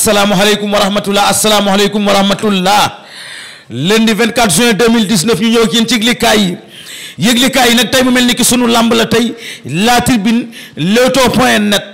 asalaamualeykum wa rahmatullah asalaamualeykum wa rahmatullah lundi 24 juin 2019 ñu ñëw ak yéen ci yëglikaay yi yëglikaay yi nag tey mu mel ni ki sunu làmb la tey la tribune leewtoo point net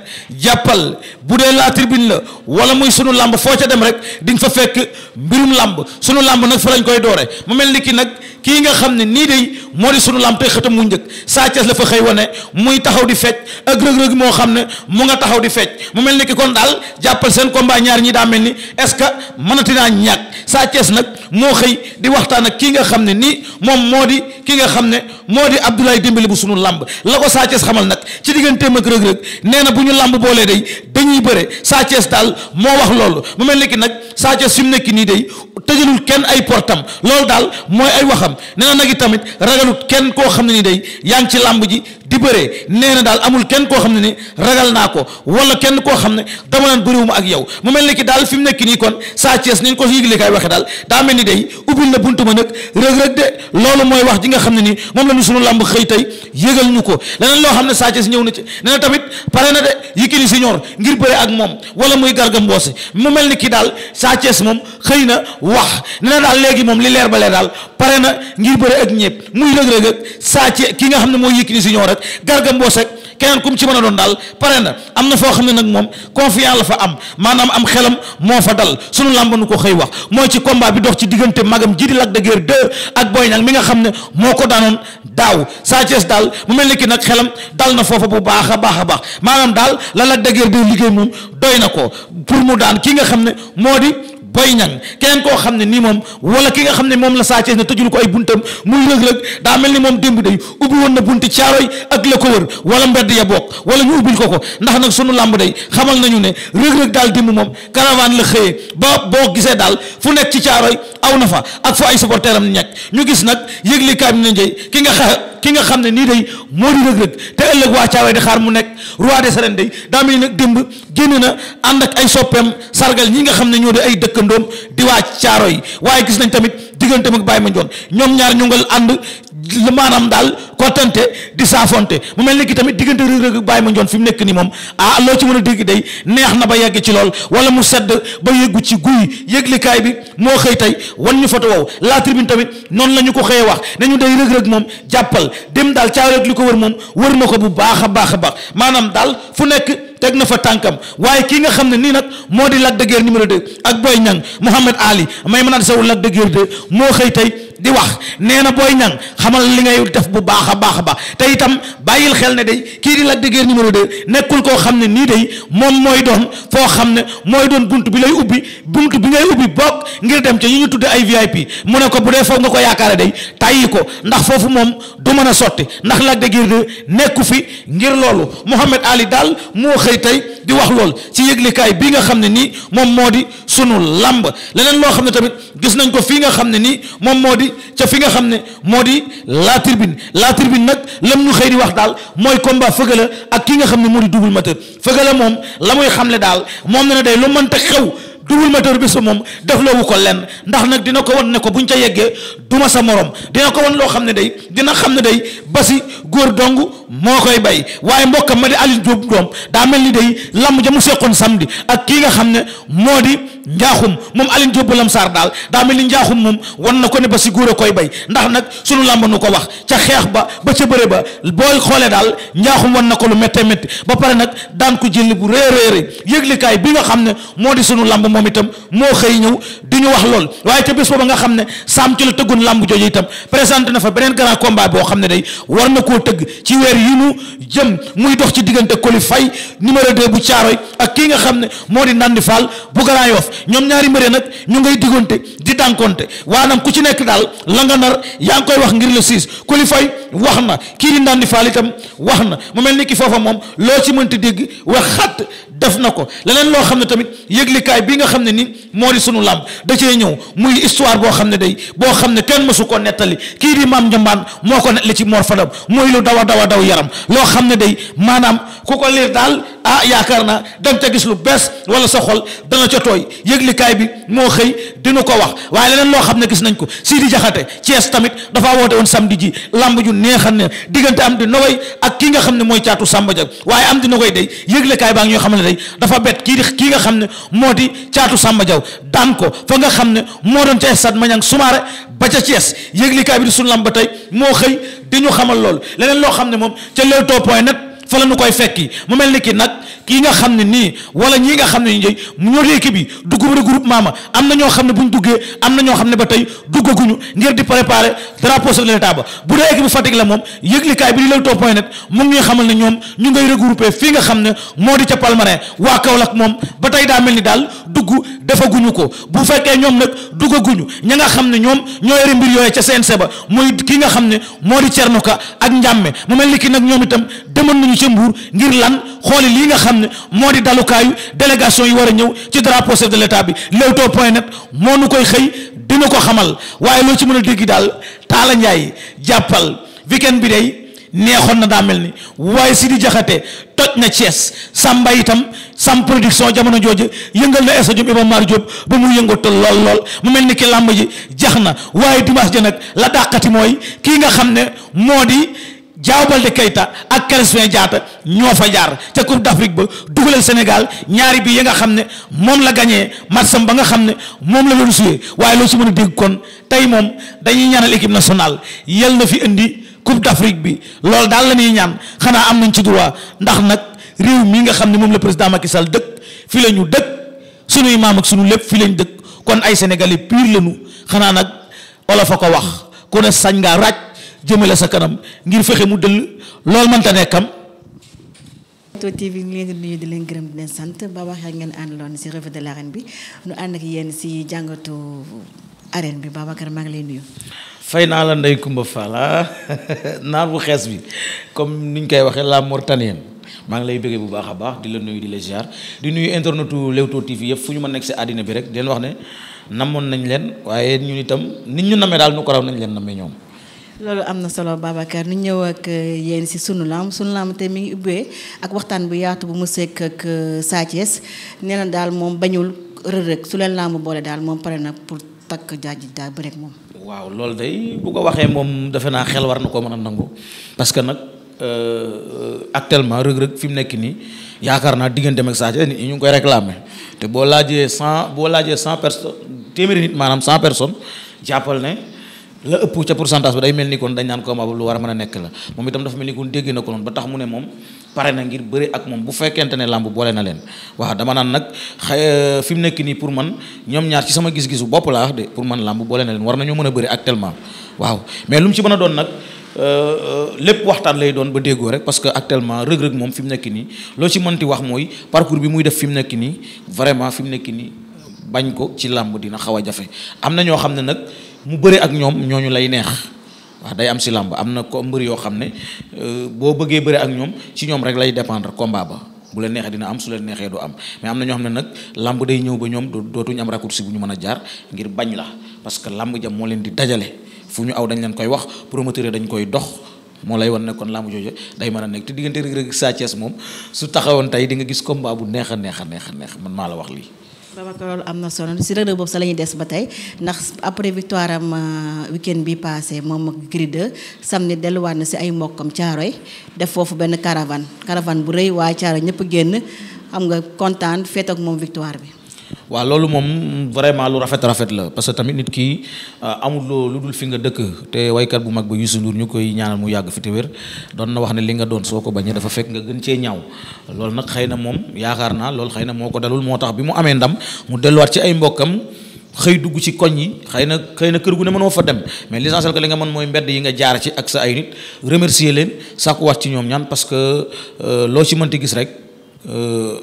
jàppal bu dee la tribune la wala muy sunu lamb foo ca dem rek di nga fa fekk mbirum lamb sunu làmb nag fa lañ koy doore mu mel ni ki nag kii nga xam ne nii day moo di sunu lamb tey mu njëkk Sa Thiès la fa xëy wane muy taxaw di fecc ak moo xam ne mu nga taxaw di fecc mu mel ni ki kon daal jàppal seen combat ñaar daa mel ni est-ce que mënati naa ñàkk Sa nag moo xëy di waxtaan ak kii nga xam ne nii moom moo di kii nga xam ne moo di Abdoulaye dimbali bu sunu làmb la ko Sa Thiès xamal nag ci digganteem ak rëg-rëg nee na bu ñu làmb boolee day dañuy muy bëre Sa Thiès daal moo wax loolu mu mel ni nag Sa Thiès fi mu nekk nii day tëjalul kenn ay portam loolu daal mooy ay waxam nee na nag i tamit ragalut kenn koo xam ne nii day yaa ngi ci làmb ji di bëre nee na daal amul kenn koo xam ne ni ragal naa ko wala kenn koo xam ne dama naan bëriwuma ak yow mu mel ni ki daal fi mu nekk nii kon Sa Thiès ni ñu ko yëgle kay waxe daal daa mel ni day ubbil na buntu ma nag rëg-rëg de loolu mooy wax ji nga xam ne nii moom la ñu sunu làmb xëy tey yëgal ñu ko leneen loo xam ne Sa Thiès ñëw na ci nee na tamit pare na de si Senior ngir bëre ak moom wala muy Garga Mbossé mu mel ni kii daal Sa Thiès moom xëy na wax nee na daal léegi moom li leer ba leer daal pare na ngir bëre ñëpp muy rëg Sa Thiès nga xam ne mooy Yékini Senior ak garga mboos ak keneen ku mu ci mën a doon daal pare na am na foo xam ne nag moom confiance la fa am maanaam am xelam moo fa dal su làmb nu ko xëy wax mooy ci combat bi dox ci diggante magam ji di Lac de Guiers 2 ak Boy Niang mi nga xam ne moo ko daanoon daaw saa Thiès daal mu mel ni ki nag xelam dal na foofa bu baax a baax a baax maanaam daal la Lac de Guiers 2 liggéey moom doy na ko pour mu daan ki nga xam ne moo di Boy Niang kenn koo xam ne nii moom wala ki nga xam ne moom la Sa na ne tëjul ko ay buntam muy Reug-Reug daa mel ni moom démb day ubbi woon na bunti caaroy ak la ko wër wala mbedd ya bokk wala ñu ubbil ko ko ndax nag sunu làmb day xamal nañu ne Reug-Reug daal démb moom caravane la xëyee ba boo gisee daal fu nekk ci caaroy aw na fa ak fa ay supporteram nekk ñu gis nag yëgle kaay na njëy ki nga xa ki nga xam ne nii day moo di Reug-Reug te ëllëg xaar mu nekk roi des arènes day daa mel ni nag démb génn na ànd ak ay soppeem sargal ñi nga xam ne ñoo di ay dëkkandoom di waa caaro yi waaye gis nañ tamit diggante digganteem baay ma Mandione ñoom ñaar ñu ngal ànd maanaam daal kottante di saafonte mu mel ni ki tamit diggante Reug Reug bàyyi ma njoon fi mu nekk nii moom ah loo ci mën a dégg day neex na ba yegg ci lool wala mu sedd ba yeggu ci guy yëglikaay bi moo xëy tey wan ñu foto wow bi tribune tamit noonu la ñu ko xëyee wax ne ñu day Reug Reug moom jàppal dem daal caawareeg li ko wër moom wër na ko bu baax a baax a baax maanaam daal fu nekk. teg na fa tànkam waaye kii nga xam ne nii nag moo di Lac de Guiers numéro 2 ak Boy Niang Mouhamed Ali may mën a sawul Lac de Guiers 2 moo xëy tey di wax nee na Boy Niang xamal li ngay def bu baax baax a baax ba itam bàyyil xel ne day kii di Lac de Guiers numéro 2 nekkul koo xam ne nii day moom mooy doon foo xam ne mooy doon bunt bi lay ubbi bunt bi ngay ubbi bokk ngir dem ca ñu ñu tudde ay VIP mu ne ko bu dee foofu nga ko yaakaare day tàyyi ko ndax foofu moom du mën a sotti ndax Lac de Guiers nekku fi ngir loolu Mouhamed Ali daal moo xëy tey di wax lool ci yëglikaay bii nga xam ne nii moom moo di sunu lamb leneen loo xam ne tamit gis nañ ko fii nga xam ne nii moom moo di ca fi nga xam ne moo di la tribune la tribune nag lam ñu xëy di wax daal mooy combat Feugeula ak kii nga xam ne moo di double moteur Feugeula moom la xam xamle daal moom na ne day lu mënta xew double moteur bi su moom defloowu ko lenn ndax nag dina ko wan ne ko bu ñu ca yeggee duma sa morom dina ko wan loo xam ne day dina xam ne day ba si góor dong moo koy bay waaye mbokkam ma di Aliou Diop doom daa mel ni day lamb ja mu seqoon samedi ak kii nga xam ne moo di njaaxum moom Aliou Diop lam saar daal daa mel ni njaaxum moom wan na ko ne ba si góor a koy bay ndax nag sunu lamb nu ko wax ca xeex ba ba ca bëre ba booy xoolee daal njaaxum wan na ko lu méttee métti ba pare nag daan ko jël bu réeréeré yëglikaay bi xam ne moo di sunu lamb moom itam moo xëy ñëw di ñu wax lool waaye te bés booba nga xam ne saam ci la tëggoon làmb jooju itam présenté na fa beneen grand combat boo xam ne day war na koo tëgg ci weer yi nu jëm muy dox ci diggante Coly Faye numéro 2 bu Caaroy ak kii nga xam ne moo di Nandi Fall bu Grand Yoff ñoom ñaari mbëre nag ñu ngay diggante di dànkonte waanaam ku ci nekk daal la nga nar yaa ngi koy wax ngir la siis Coly wax na kii di Nandi Fall itam wax na mu mel ni ki foofa moom loo ci mënti dégg wax xat def na ko leneen loo xam ne tamit yëglikaay bi nga xam ne ni moo di suñu làmb da cee ñëw muy histoire boo xam ne day boo xam ne kenn mësu ko nettali kii di maam njambaan moo ko nettali ci Mor Fadam muy lu daw a daw a daw yaram loo xam ne day maanaam ku ko liir daal ah yaakaar naa danga ca gis lu bees wala sa xol dana ca tooy yëglikaay bi moo xëy dinu ko wax waaye leneen loo xam ne gis nañ ko Sidi Jaxate Thiès tamit dafa woote woon samedi ji làmb ju neexan ne diggante am di nogay ak ki nga xam ne mooy caatu Samba Jag waaye am di nogay day yëglikaay baa tey dafa bet kii kii nga xam ne moo di caatu Samba Diaw daan ko fa nga xam ne moo doon ca stade Maniang Soumaré ba ca Thiès yëglikaay bi di su lamb ba tey moo xëy di ñu xamal loolu leneen loo xam ne moom ca Leewtoo point net fa la ñu koy fekki mu mel ni kii nag kii nga xam ne nii wala ñii nga xam ne nii ñoo di équipe bi dugg regroupement ma am na ñoo xam ne bu ñu duggee am na xam ne ba tey duggaguñu ngir di préparer drapeau chef de l'État ba bu dee équipe bu Fatick la moom yëglikaay bi di Leewtoo point net mu ngi ñuy xamal ne ñoom ñu ngay regroupé fii nga xam ne moo di ca Palmarin waa Kaolack moom ba tey daa mel ni daal dugg defaguñu ko bu fekkee ñoom nag duggaguñu ña nga xam ne ñoom ñoo yore mbir yooyu ca CNC ba muy kii nga xam ne moo di Cerno Ka ak Njàmme mu mel ni kii nag ñoom itam demoon nañu ci mbuur ngir lan xooli lii nga xam ne moo di dalukaayu délégation yi war a ñëw ci drapeau chef de l'état bi Leewtoo point net moo nu koy xëy dina ko xamal waaye loo ci mën a dégg daal Taala Njaay jàppal weekend bi day neexoon na daa mel ni waaye si di Jaxate toj na Thiès Samba itam sam production jamono jooju yëngal na Essa Diop Iba Mar Diop ba mu yëngatal lool lool mu mel ni ki làmb ji jax na waaye dimanche ja nag la dàqati mooy kii nga xam ne moo di Diao Baldé Keita ak Crépin Diatta ñoo fa jaar ca Coupe d'Afrique ba dugaleel Sénégal ñaari bii ya nga xam ne moom la gañee matsam ba nga xam ne moom la doon suyee waaye loolu su mën a dégg kon tey moom dañuy ñaanal équipe nationale yal na fi indi Coupe d'Afrique bi loolu daal la ñuy ñaan xanaa am nañ ci droit ndax nag réew mii nga xam ne moom la président Macky Sall dëkk fi la ñu dëkk suñuy maam ak sunu lépp fi lañ dëkk kon ay sénégalais pur lañu xanaa nag olof a ko wax kone ne sañ ngaa ràcc jëmale sa kanam ngir fexe mu dëll loolu mënta nekkam Leewtoo TV ñu leen di nuyu di leen gërëm di sant ba waxee ngeen ànd àndaloon ci si de l'arène bi nu ànd ak yéen si jàngatu arène bi Babacar maa ngi lay nuyu. fay naa la Ndeye Coumba Fall ah. naar bu xees bi comme ni ñu koy waxee la Mauritanienne maa ngi lay bëggee bu baax a baax di la nuyu di la ziar di nuyu internetu Leewtoo TV yëpp fu ñu ma nekk si àddina bi rek di leen wax ne namoon nañ leen waaye ñun itam nit ñu namee daal nu ko raw nañ leen namee ñoom. loolu am na solo Babacar ñu ñëw ak euh, yéen si sunu laam sunu laam te mi ngi ubbee ak waxtaan bu yaatu bu mu sekk ak euh, Sa Thiès daal moom bañul rërëg su leen laamu boole daal moom pare na pour takk jaaji daal ba moom. waaw loolu day bu ko waxee moom defe naa xel war na koo mën a nangu parce que nag euh, actuellement rëg-rëg fi mu nekk nii yaakaar naa digganteem ak Sa Thiès ñu ngi koy réclamer te boo laajee cent boo laajee cent personnes téeméeri nit maanaam cent personnes jàppal ne. la ëpp ca pourcentage ba day mel ni kon dañ naan combat lu war a mën a nekk la moom itam dafa mel ni kon dégg na ko noonu ba tax mu ne moom pare na ngir bëri ak moom bu fekkente ne làmb boole na leen waaw dama naan nag xëy euh, mu nekk nii pour man ñoom ñaar ci sama gis-gisu bopp laa wax de pour man làmb boole na leen war nañoo mën a bëri actuellement waaw mais lu mu ci mën a doon nag euh, euh, lépp waxtaan lay doon ba déggoo rek parce que actuellement rëg-rëg moom fi mu nekk nii loo ci mënti wax mooy parcours bi muy def fi mu nekk nii vraiment fi mu nekk nii bañ ko ci làmb dina xaw a jafe am na ñoo xam ne nag mu bëri ak ñoom ñooñu lay neex waaw day am si làmb am na ko mbër yoo xam ne euh, boo bëggee bëri ak ñoom ci ñoom rek lay dépendre combat ba bu la neex dina am su la neexee du am mais am na ñoo xam ne nag làmb day ñëw ba ñoom dootuñu am raccourci bu ñu mën a jaar ngir bañ la parce que làmb jam moo leen di dajale fu ñu aw dañ leen koy wax promoteur dañ koy dox moo lay wan ne kon làmb jooju day mën a nekk te diggante Reug Reug Sa Thiès moom su taxawoon di nga gis combat bu neex a neex a neex a neex man maa la wax lii. vraiment loolu am na solo si Reug Reug boobu sa la ñuy des ba tey ndax après victoire am euh, weekend bi passé moom ak Gris sam ni delluwaat na si ay mbokkam Caaroy def foofu benn caravane caravane bu rëy waaye Caaroy ñëpp génn xam nga kontaan feet ak moom victoire bi. waaw loolu moom vraiment lu rafet rafet la parce que tamit nit ki euh, amul loo lu dul fi nga dëkk te waykat bu mag ba Youssou Ndour ñu koy ñaanal mu yàgg fi te wér doon na wax ne li nga doon soo ko bañee dafa fekk nga gën cee ñaaw loolu nag xëy na moom yaakaar naa loolu xëy na moo ko dalul moo tax bi mu amee ndam mu delluwaat ci ay mbokkam xëy dugg ci koñ yi xëy na xëy na kër gu ne mënoo fa dem mais l'essentiel que li nga man mooy mbedd yi nga jaar ci ak sa ay nit remercier leen sàkkuwaat ci ñoom ñaan parce que euh, loo ci mënti gis rek euh,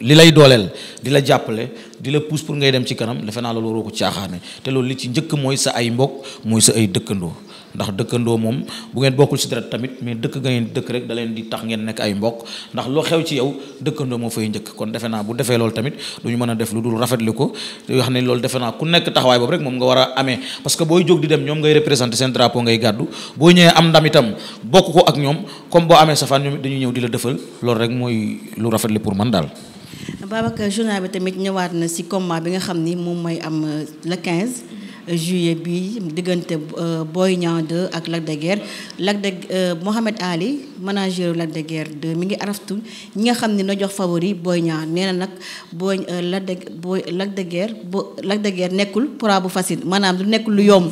li lay dooleel di la jàppale di la pouse pour ngay dem ci kanam defe naa loolu waroo ko ci caaxaane te loolu li ci njëkk mooy sa ay mbokk mooy sa ay dëkkandoo ndax dëkkandoo moom bu ngeen bokkul ci dara tamit mais dëkk nga ngeen dëkk rek da leen di tax ngeen nekk ay ndax loo xew ci yow dëkkandoo moo fay njëkk kon defe naa bu defee loolu tamit du ñu mën a def lu dul rafetlu ko yoo xam loolu defe naa ku nekk taxawaay boobu rek moom nga war a amee parce que booy jóg di dem ñoom ngay représenté seen drapeau ngay gàddu boo ñëwee am ndam itam bokk ko ak ñoom comme boo amee safaan ñoom dañuy ñëw di la defal loolu rek mooy lu rafetlu pour man daal Babacar journal bi tamit ñëwaat na ci combat bi nga xam ni moom mooy am euh, le quinze juillet bi diggante euh, Boy Niang 2 ak Lac de Guiers Lac de euh, Mohamed Ali manager Lac de Guiers mi ngi araftu ñi nga xam ne na jox favori Boy ñaar nee nag Boy Lac de Boy Lac de Guiers bo nekkul poids bu facile maanaam du nekkul lu yomb.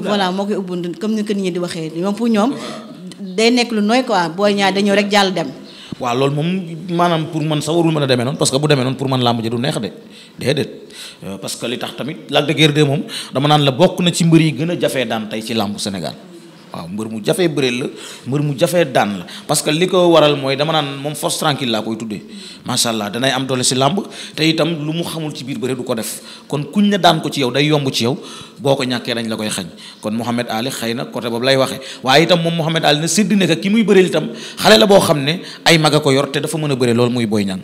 voilà moo koy ubbi comme ni ko nit ñi di waxee ñoom pour ñoom day nekk lu nooy quoi Boy ñaar dañoo rek jàll dem. waaw loolu moom maanaam pour man sax warul mën a demee noonu parce que bu demee noonu pour man làmb ji du neex de déedéet euh, parce que li tax tamit Lac de moom dama naan la bokk na ci mbër yi gën a jafee daan tey ci làmb Sénégal waaw mbër mu jafee bëreel la mbër mu jafee daan la parce li ko waral mooy dama naan moom force tranquille laa koy tuddee macha allah danay am doole si làmb te itam lu mu xamul ci biir bëre du ko def kon kuñ ne daan ko ci yow day yomb ci yow boo ko ñàkkee dañ la koy xañ kon Mouhamed Ali xay na côté boobu lay waxee waaye itam moom Mouhamed Ali na sédd ne ki muy bëreel itam xale la boo xam ne ay mag a ko yor te dafa mën a bëre loolu muy Boy Niang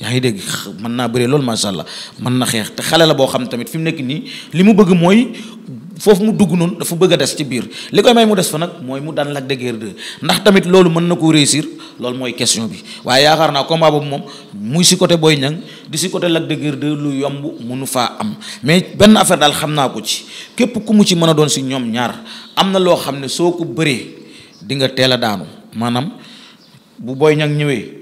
yaa ngi dégg mën naa bëree loolu macha allah mën na xeex te xale la boo xam tamit fi mu nekk nii li mu foofu mu dugg noonu dafa bëgg a des ci biir li koy may mu des fa nag mooy mu daan Lac de Guiers ndax tamit loolu mën na koo réussir loolu mooy question bi waaye yaakaar naa combat boobu moom muy si côté Boy Niang di si côté Lac de Guiers lu yomb munu faa am mais benn affaire daal xam naa ko ci képp ku mu ci mën a doon si ñoom ñaar am na loo xam ne soo ko bëree di nga teel a daanu maanaam bu booy Niang ñëwee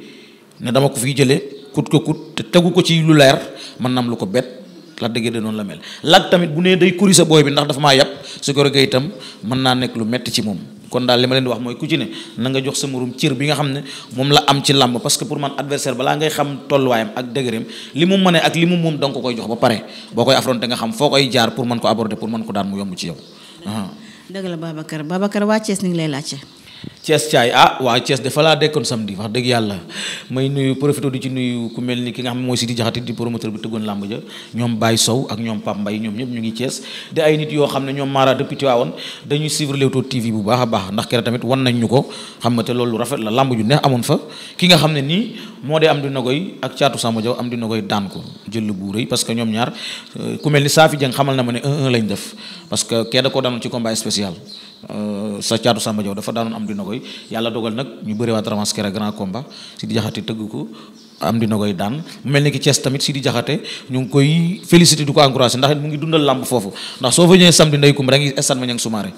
ne dama ko fiy jëlee kut ko kut te tegu ko ci lu leer mën na am lu ko bett Lac de noonu la mel Lac tamit bu ne day kuri sa booy bi ndax dafa maa yàpp su ko rogee itam mën naa nekk lu metti ci moom kon daal li ma leen di wax mooy ku ci ne na jox sa morom cër bi nga xam ne moom la am ci làmb parce que pour man adversaire balaa ngay xam tolluwaayam ak dëgëreem li mu mënee ak li mu moom danga koy jox ba pare boo koy affronter nga xam foo koy jaar pour mën ko aborder pour mën ko daan mu yomb ci yow. dëgg la Babacar Babacar Cees Caay ah waa Cees dafa laa dekkoon samedi wax dëgg yàlla may nuyu profité di ci nuyu ku mel ni ki nga xam ne mooy Sidi Jaxate di promoteur bi tëggoon làmb ja ñoom Baye Sow ak ñoom Pape Mbaye ñoom ñëpp ngi Cees di nit yoo xam ne ñoom Mara depuis Tiwaawoon dañuy suivre Leewtoo bu baax a baax kere tamit wan nañ ñu ko xam nga te loolu rafet la làmb ju neex amoon fa ki nga xam ne nii moo dee am dina koy ak caatu Samba Jaw am dina koy daan ko jël bu rëy parce que ñoom ñaar euh, ku mel ni Safi Dieng xamal na ma ne 1-1 lañ def parce que kee da ko daanoon ci combat spécial Euh, sa caatu Samba Diaw dafa daanoon am di nogoy yàlla dogal nag ñu bëri waat ramas kera grand combat Sidi Jaxate tëgg ko am dina koy daan mel ni ki Thiès tamit si di Jaxate ñu ngi koy félicité du ko encouragé ndax mu ngi dundal làmb foofu ndax soo fa ñëwee samedi ndey kumba da ngi stade Maniang Soumaré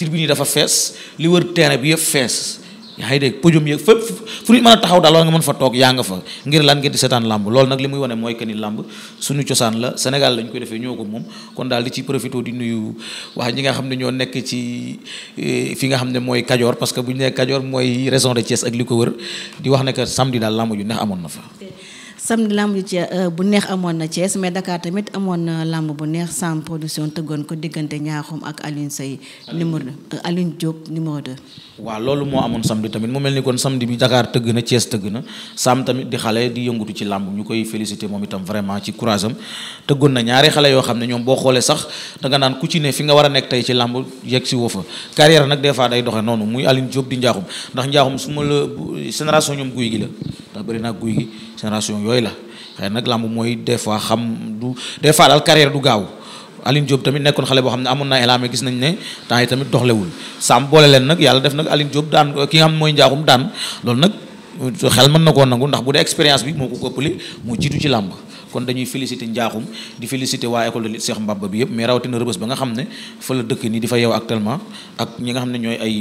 tribune yi dafa fees li wër terrain bi yëpp fees yaa ngi dégg podium yeeg fépp fu nit mën a taxaw daal war nga mën fa toog yaa nga fa ngir lan ngeen di seetaan làmb loolu nag li muy wane mooy que ni làmb suñu cosaan la Sénégal lañ koy defee ñoo ko moom kon daal di ci profité di nuyu wax ñi nga xam ne ñoo nekk ci eh, fi nga xam ne mooy Kajoor parce que bu ñu nee Kajoor mooy région de Thiès ak li ko wër di wax ne que samedi daal làmb ju neex amoon na fa. samedi lamb ji euh, bu neex amoon na Thiès mais Dakar tamit amoon na lamb bu neex Sam production tëggoon ko diggante Ñaaxum ak Alioune Seye numéro euh, Alioune Diop numéro 2. waaw loolu moo amoon sam samedi tamit mu mel ni kon samedi bi Dakar tëgg na Thiès tëgg na Sam tamit di xale di yëngatu ci làmb ñu koy félicité moom itam vraiment ci courage am tëggoon na ñaari xale yoo xam ne ñoom boo xoolee sax danga nga naan ku ci ne fi nga war a nekk tey ci làmb yegg si fa carrière nag des fois day doxee noonu muy Alioune Diop di Njaaxum ndax Njaaxum su ma la génération ñoom guy gi la ndax bëri naa guy gi génération yooyu la xëy nag làmb mooy des fois xam du des fois daal carrière du gaaw Aline Diop tamit nekkoon xale boo xam ne amoon naa élan mais gis nañ ne temps yi tamit doxlewul sam boole leen nag yàlla def nag Aline Diop daan ki am mooy njaaxum daan loolu nag xel mën na koo nangu ndax bu dee expérience bi moo ko ëppale moo jiitu ci làmb kon dañuy di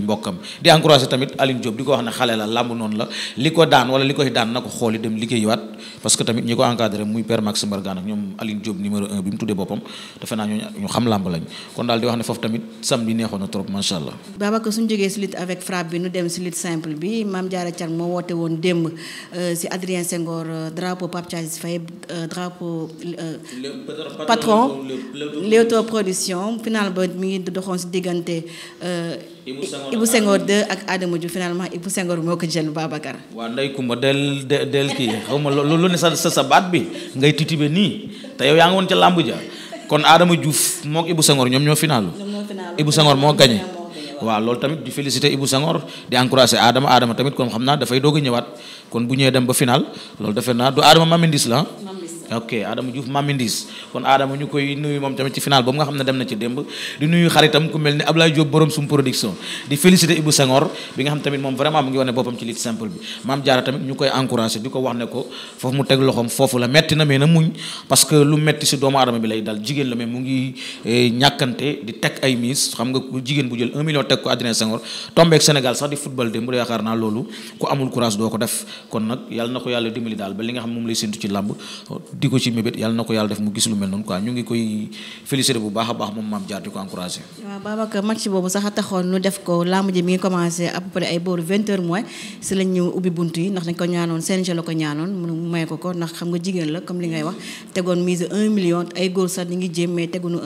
wax ne xale tamit ñi di neexoon na trop macha allah. Babacar suñu jógee si avec frappe bi nu dem si simple bi Mame Diarra Thiam moo woote woon démb euh, si Adrien Senghor euh, drapeau Pape Thialis Faye euh, drapeau patron l'autoproduction final ba mi ngi doxoon si diggante euh, Ibou Senghor 2 ak Adama Diouf finalement Ibou Senghor moo ko jël Babacar waaw ndey Kumba del del kii xaw ma ne sa sa baat bi ngay titibe nii te yow yaa ngi woon ca làmb ja kon Adama Diouf mook Ibou Senghor ñoom ñoo final Ibou Senghor moo gagné waaw loolu tamit di féliciter Ibou Senghor di encourager Adama Adama tamit kon xam naa dafay doog a ñëwaat kon bu ñëwee dem ba final loolu defe naa du Adama Mamindis la ok Adama Diouf Mami kon Adama ñu koy nuyu moom tamit ci final boobu nga xam ne dem na ci démb di nuyu xaritam ku mel ni Ablaye Diop borom sum production di féliciter Ibou Senghor bi nga xam tamit moom vraiment mu ngi wane boppam ci lutte simple bi maam jaara tamit ñu koy encourager di ko wax ne ko foofu mu teg loxoom foofu la metti na mais na muñ parce que lu metti si doomu aadama bi lay dal jigéen la mais mu ngi eh, ñàkkante di teg ay miis xam nga jigéen bu jël 1 million teg ko Adrien Senghor tombeek Sénégal sax di football démb yaakaar naa ko def kon nag yàlla na ko yàlla dimbali daal ba li nga xam moom lay séntu ci di ko ci mébét yàlla na ko yàlla def mu gis lu mel noonu quoi ñu ngi koy féliciter bu baax a baax moom maam jaar di ko encourager. waaw Babacar match boobu sax a taxoon nu def ko làmb ji mi ngi ko ko li ngay wax tegoon mise 1 million ay góor mais teguñu 1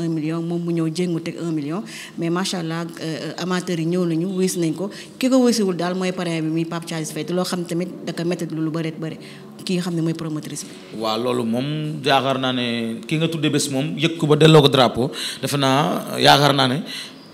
euh, yi ñëw nañu wis nañ ko ki ko wisiwul daal mooy parrain bi muy Pape Thialis Faye te loo xam tamit da ko lu lu bëreet bëri ki nga xam ne mooy promotrice bi. waaw loolu moom yaakaar naa ne ki nga tuddee bés moom yëg ko ba delloo ko drapeau defe naa yaakaar naa ne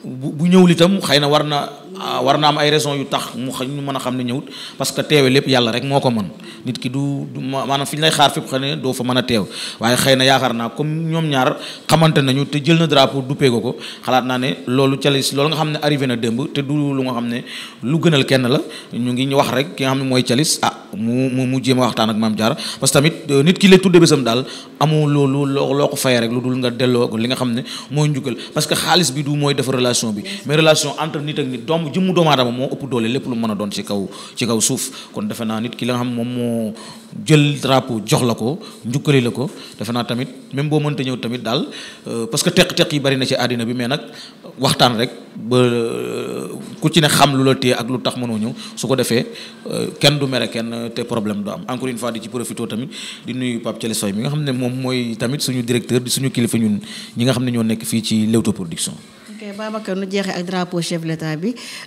bu bu ñëwul itam xëy na war na ah, war na am ay raison yu tax mu xa ñu mën a xam ne ñëwut parce que teewe lépp yàlla rek moo ko mën nit ki du maanaam fi ñu lay xaar fépp xëy na doo fa mën a teew waaye xëy na yaakaar naa comme ñoom ñaar xamante nañu te jël na drapeau du péego ko xalaat naa ne loolu ca Thialis loolu nga xam ne arrivé na démb te du lu nga xam ne lu gënal kenn la ñu ngi ñu wax rek ki nga xam ne mooy Thialis mu mu mu jéem a waxtaan ak maam Diarra parce que tamit euh, nit ki lay tudde bésam daal amu loolu loo ko fayee rek lu dul nga delloo ko li nga xam ne mooy njukkal parce que xaalis bi du mooy defar relation bi mais relation entre nit ak nit doom jëmmu doomu aadama moo ëpp doole lépp lu mën a doon ci kaw suuf kon defe naa nit ki la nga xam moom moo jël drapeau jox la ko njukkali la ko defe naa tamit même boo mënta ñëw tamit daal euh, parce que teq-teq yi bari na ci àddina bi mais nag waxtaan rek ba euh, ku ci ne xam lu la téye ak lu tax mënoo ñëw su ko defee te problème du am encore une fois di ci profité tamit di nuyu Pape Thielé Soy nga xam ne moom mooy tamit suñu directeur di suñu kilifa ñun ñi nga xam ne ñoo nekk fii ci Leewtoo production. nu jeexee ak drapeau chef bi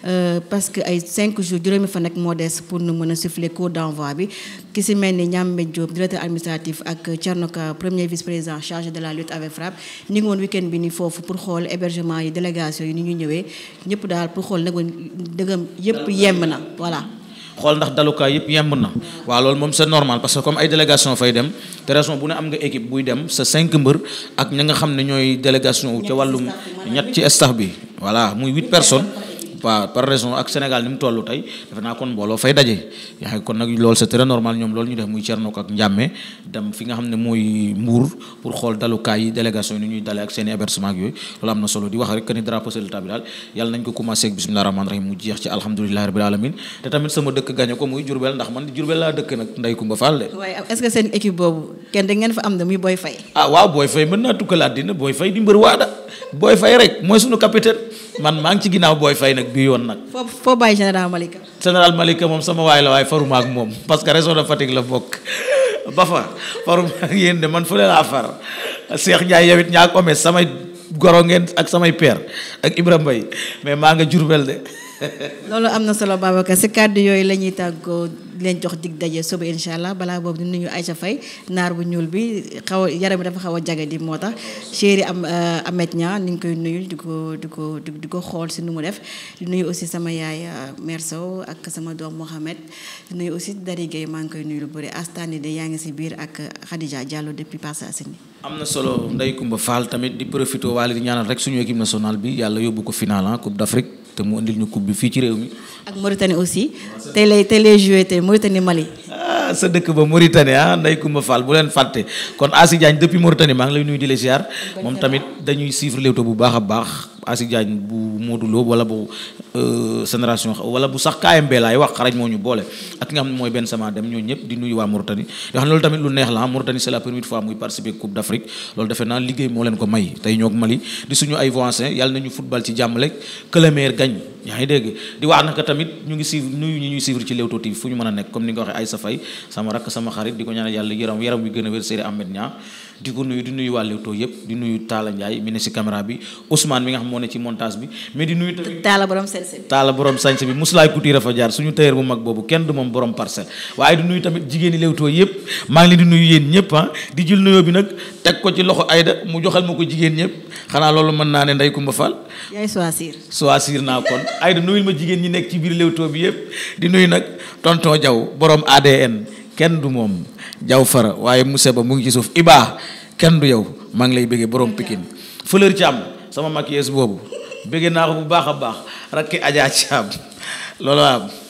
euh, parce que ay 5 jours juróomi fan ak moo pour nu mën a siffler coup bi ki si mel ni Ndiambé Diop directeur administratif ak Thierno premier vice président chargé de la lutte avec frappe ñu ngi woon bi ni xool ndax dalukaay yëpp yemb na waa lool moom c'est normal parce que comme ay délégation fay dem te raison bu ne am nga équipe buy dem sa cinq mbër ak ña nga xam ne ñooy délégation ca wàllum ñett ci staff bi voilà muy huit personnes par par raison ak Sénégal ni mu toll tey defe naa kon mbooloo fay daje yaa ngi kon nag loolu c'est très normal ñoom loolu ñu def muy Cernook ak Njàmme dem fi nga xam ne mooy Mbour pour xool dalukaay yi délégation yi ni ñuy dale ak seen i wax rek ni drapeau Sénégal bi daal yàlla nañ ko commencé ak bismillahi rahmaani rahim mu jeex ci alhamdulillahi rabbil alamin te tamit sama dëkk gañe ko muy Jurbel ndax man Jurbel laa dëkk nag Ndey Kumba Fall de est-ce que seen équipe boobu kenn da fa am na muy Boy Faye ah waaw Boy Faye mën naa tukkal àddina Boy Faye di mbër waada booy fay rek mooy suñu capitaine man maa ngi ci ginnaaw booy fay nag bii yoon nag. foo foo bàyyi général Malika. général Malika moom sama waay la waaye faruma moom parce que région de Fatick la bokk ba fa faruma ak de man fële laa far Cheikh Ndiaye yow it ñaa ko samay goro ngeen ak samay père ak ibra mbay mais maa nga Jurbel de. loolu am na solo Babacar si kàddu yooyu la ñuy tàggoo leen jox dig daje suba incha allah balaa boobu ñu ay Aïcha Faye naar bu ñuul bi xaw a yaram bi dafa xaw a jagadi moo tax chéri am euh, Amet Ña ni ngi koy nuyu di ko di ko di ko xool si nu mu def di nuyu aussi sama yaay euh, Mère Sow ak sama doom Mohamed di nuyu aussi Dari Gueye maa ngi koy nuyu lu bëri Astani de yaa ngi si biir ak Khadija Diallo depuis Parcelles Assainies am na solo Ndeye Koumba Fall tamit di profité waale di ñaanal rek suñu équipe nationale bi yàlla yóbbu ko final ah Coupe d'Afrique te mu indil ñu coupe bi fii ci réew mi. ak Mauritanie aussi tey lay tey lay joué tey Mauritanie Mali. ah sa dëkk ba Mauritanie ah Ndeye Coumba Fall bu leen fàtte kon Asi Diagne depuis Mauritanie maa ngi lay nuyu di la ziar moom tamit dañuy suivre Leewtoo bu baax a baax. Asi Diagne bu Modou Lo wala bu euh, génération wala bu sax KMB laay wax xarañ moo ñu boole ak nga xam ne mooy benn sama dem ñoo ñëpp di nuyu waa Mauritanie yoo xam di ah, ngi dégg di ñu nuyu ñi ñuy suivre ci Leewtoo TV ñu mën a nekk comme ni nga waxee Aïssa Faye sama di ko ñaanal yëpp di nuyu Talla Ndiaye mi ne ci bi nga xam moo ne ci montage bi mais di nuyu tamit taala borom sañse bi taala borom sañse bi Moussoulaye Couture fa jaar suñu tailleur bu mag boobu kenn du moom borom parcelle waaye di nuyu tamit jigéeni Leewtoo yëpp maa ah. ma ko jigéen ñëpp xanaa loolu mën naa ne Ndeye Coumba Fall yaay naa kon Aïda nuyul ma jigéen ñi nekk ci biir Leewtoo bi yëpp di nuyu nag tonton Diaw borom ADN kenn du moom Diaw Fara waaye Moussa Ba mu ngi ci kenn du yow maa lay bëggee borom Pikine fleur ci am sama mag maquilleuse boobu bëgg naa ko bu baax a baax rekk Adja Thiam loolu am